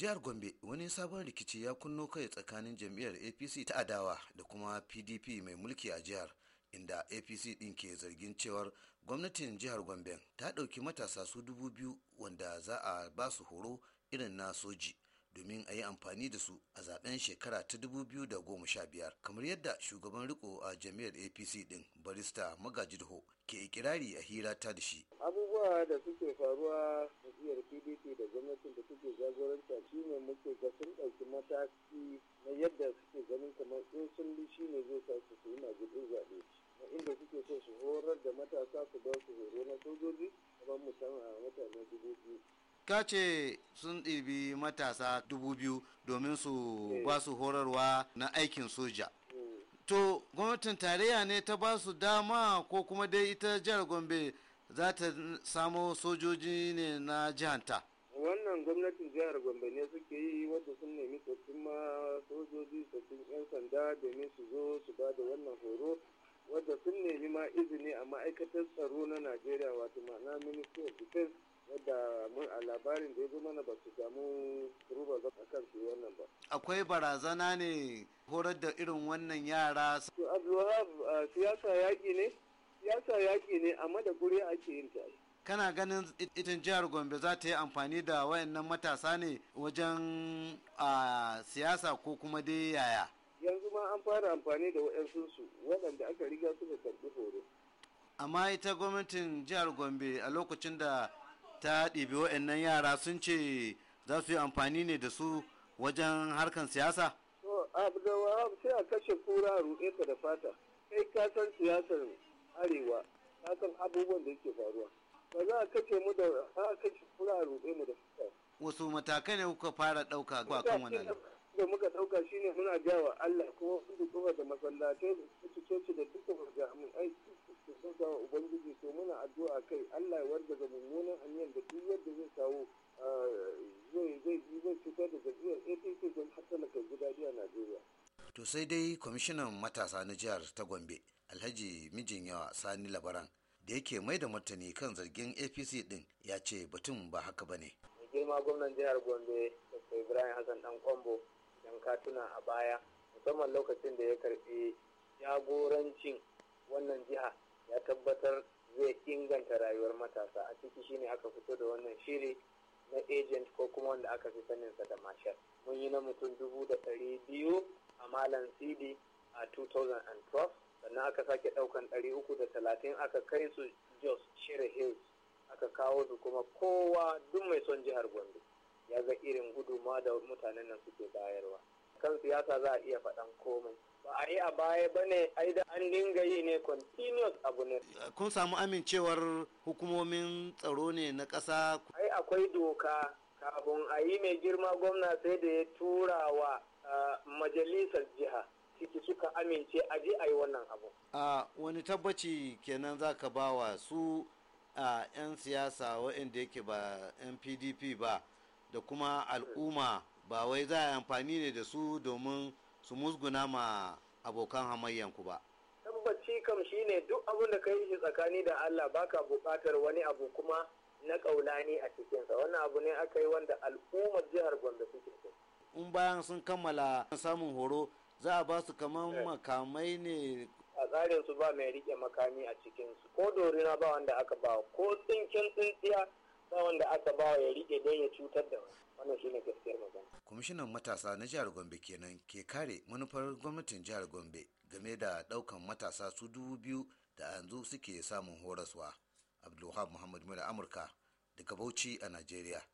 jihar gombe wani sabon rikici ya kunno kai tsakanin jam'iyyar apc ta adawa da kuma pdp mai mulki a jihar inda apc din ke zargin cewar gwamnatin jihar gombe ta ɗauki matasa su dubu biyu wanda za a ba su horo irin na soji domin a yi amfani da su a zaben shekara ta 2015 kamar yadda shugaban riko a jami'ar apc din barista magaji ke ikirari a hira ta da shi abubuwa da suke faruwa jam'iyyar pdp da gwamnatin da suke jagoranta shine muke ga sun ɗauki mataki na yadda suke ganin kamar in sun bi shine zai sa su yi gudun zaɓe inda suke so su horar da matasa su ba su horo na sojoji kamar musamman a mutane dubu biyu ta ce sun ɗibi matasa dubu biyu domin su eh. ba su horarwa na aikin soja eh. to gwamnatin tarayya ne ta ba su dama ko kuma dai ita jihar gombe za ta samo sojoji ne na jihanta wannan gwamnatin jihar gombe ne suke yi wadda sun nemi tsoffin ma sojoji tsoffin 'yan sanda domin su zo su ba da wannan horo wadda sun nemi ma izini a ma'aikatar tsaro na najeriya wato ma'ana ministry of defense yadda mun a labarin da ya zo mana ba su samu ruba ba a kan su wannan ba. Akwai barazana ne horar da irin wannan yara. To Abdullahi siyasa yaƙi ne? Siyasa yaƙi ne amma da guri ake yin ta. Kana ganin itin jihar Gombe za ta yi amfani da wayannan matasa ne wajen a siyasa ko kuma dai yaya? Yanzu ma an fara amfani da su, waɗanda aka riga suka karɓi horo. Amma ita gwamnatin jihar Gombe a lokacin da ta ɗibi wa'annan yara sun ce za su yi amfani ne da su wajen harkan siyasa? To, wahab sai a kashe kura ruɗe ka da fata. Kai ka san siyasar Arewa, ka san abubuwan da yake faruwa. Ba za a kashe mu da a kashe kura ruɗe mu da fata. Wasu matakai ne kuka fara ɗauka ba kan wannan? Da muka ɗauka shine muna jawa Allah kuma wanda kuma da masallatai da su coci da dukkan jami'ai su ga Ubangiji to muna addu'a kai Allah ya warda ga mu cutar da gajiyar apc don hatsalaka a najeriya to sai dai kwamishinan matasa na jihar ta gombe alhaji mijin yawa sani labaran da yake mai da martani kan zargin apc din ya ce batun ba haka ba ne girma gwamnan jihar gombe dr ibrahim hassan dan kwambo don katuna a baya musamman lokacin da ya karɓi jagorancin wannan jiha ya tabbatar zai inganta rayuwar matasa a ciki shine aka fito da wannan shiri na agent ko kuma wanda aka fi sanin sa da marshal mun yi na mutum dubu da ɗari biyu a malam cd a 2012 sannan aka sake ɗaukan ɗari uku da talatin aka kai su jos shire hills aka kawo su kuma kowa duk mai son jihar gombe ya ga irin guduma da mutanen nan suke bayarwa kan siyasa za a iya faɗan komai ba a yi a baya ba ne ai an dinga yi ne continuous abu ne kun samu amincewar hukumomin tsaro ne na ƙasa ai akwai doka kafin a yi mai girma gwamna sai da ya tura wa majalisar jiha ciki suka amince a ji a yi wannan abu. A wani tabbaci kenan za ka ba wa su a 'yan siyasa waɗanda yake ba 'yan PDP ba da kuma al'umma ba wai za a amfani ne da su domin su musguna ma abokan hamayyanku ba tabbaci kam ne duk abin da ka yi shi tsakani da Allah baka buƙatar wani abu kuma na ƙaunani a cikinsa wannan abu ne aka yi wanda al'ummar jihar Gombe suke in bayan sun kammala samun horo za a ba su kamar eh. makamai ne a tsarin su ba mai rike makami a cikinsu. ko dorina ba wanda aka ba ko tsinken tsintsiya ba wanda aka ba ya rike don ya cutar da wannan shine gaskiyar magana kwamishinan matasa na jihar gombe kenan ke kare manufar gwamnatin jihar gombe game da daukan matasa su dubu biyu da yanzu suke samun horaswa abdulwahab muhammad mura amurka daga bauchi a najeriya